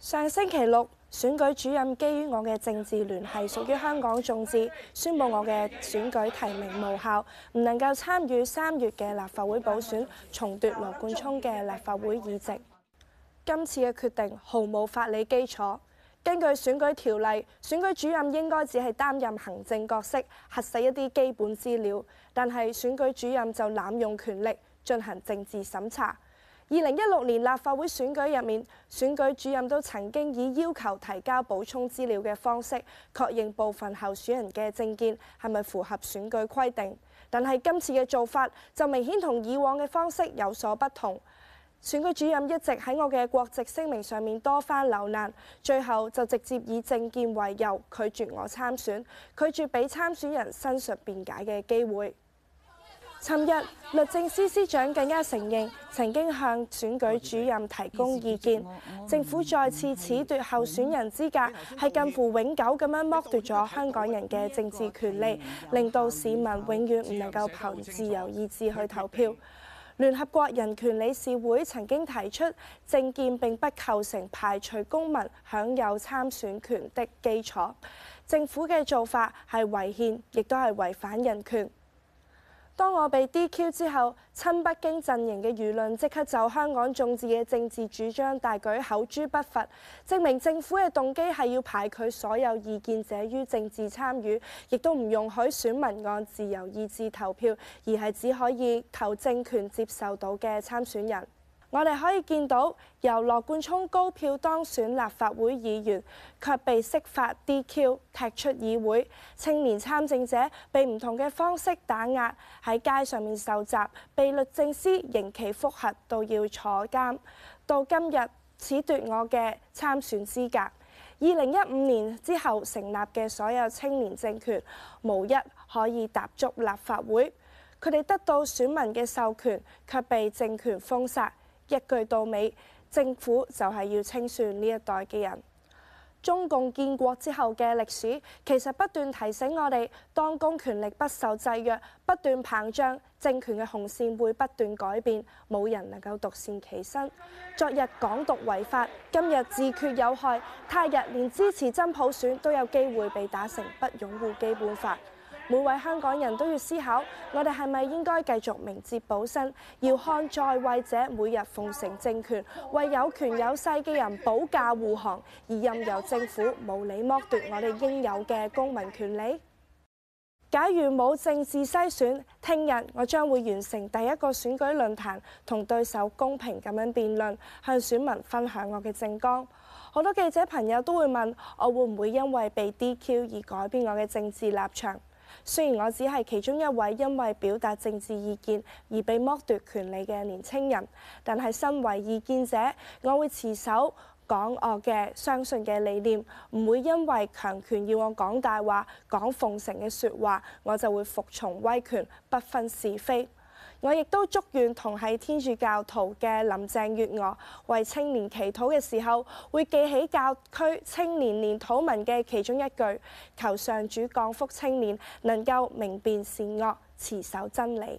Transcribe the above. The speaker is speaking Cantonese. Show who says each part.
Speaker 1: 上星期六，選舉主任基於我嘅政治聯繫屬於香港眾志，宣布我嘅選舉提名無效，唔能夠參與三月嘅立法會補選，重奪羅冠聰嘅立法會議席。議席今次嘅決定毫無法理基礎。根據選舉條例，選舉主任應該只係擔任行政角色，核實一啲基本資料，但係選舉主任就濫用權力進行政治審查。二零一六年立法會選舉入面，選舉主任都曾經以要求提交補充資料嘅方式，確認部分候選人嘅政見係咪符合選舉規定。但係今次嘅做法就明顯同以往嘅方式有所不同。選舉主任一直喺我嘅國籍聲明上面多番留難，最後就直接以政見為由拒絕我參選，拒絕俾參選人申述辯解嘅機會。尋日律政司司長更加承認，曾經向選舉主任提供意見。政府再次褫奪候選人資格，係近乎永久咁樣剝奪咗香港人嘅政治權利，令到市民永遠唔能夠憑自由意志去投票。聯合國人權理事會曾經提出，政見並不構成排除公民享有參選權的基礎。政府嘅做法係違憲，亦都係違反人權。當我被 DQ 之後，親北京陣營嘅輿論即刻就香港眾志嘅政治主張大舉口誅筆伐，證明政府嘅動機係要排拒所有異見者於政治參與，亦都唔容許選民按自由意志投票，而係只可以投政權接受到嘅參選人。我哋可以見到，由羅冠聰高票當選立法會議員，卻被釋法 DQ 踢出議會；青年參政者被唔同嘅方式打壓，喺街上面受襲，被律政司刑期覆核到要坐監。到今日，褫奪我嘅參選資格。二零一五年之後成立嘅所有青年政權，無一可以踏足立法會。佢哋得到選民嘅授權，卻被政權封殺。一句到尾，政府就係要清算呢一代嘅人。中共建國之後嘅歷史，其實不斷提醒我哋，當公權力不受制約，不斷膨脹，政權嘅紅線會不斷改變，冇人能夠獨善其身。昨日港獨違法，今日自決有害，他日連支持真普選都有機會被打成不擁護基本法。每位香港人都要思考，我哋係咪應該繼續明哲保身，要看在位者每日奉承政權，為有權有勢嘅人保駕護航，而任由政府無理剝奪我哋應有嘅公民權利？假如冇政治篩選，聽日我將會完成第一個選舉論壇，同對手公平咁樣辯論，向選民分享我嘅政綱。好多記者朋友都會問我會唔會因為被 DQ 雖然我只係其中一位因為表達政治意見而被剝奪權利嘅年輕人，但係身為異見者，我會持守講我嘅相信嘅理念，唔會因為強權要我講大話、講奉承嘅説話，我就會服從威權，不分是非。我亦都祝願同係天主教徒嘅林鄭月娥為青年祈禱嘅時候，會記起教區青年年禱文嘅其中一句：求上主降福青年，能夠明辨善惡，持守真理。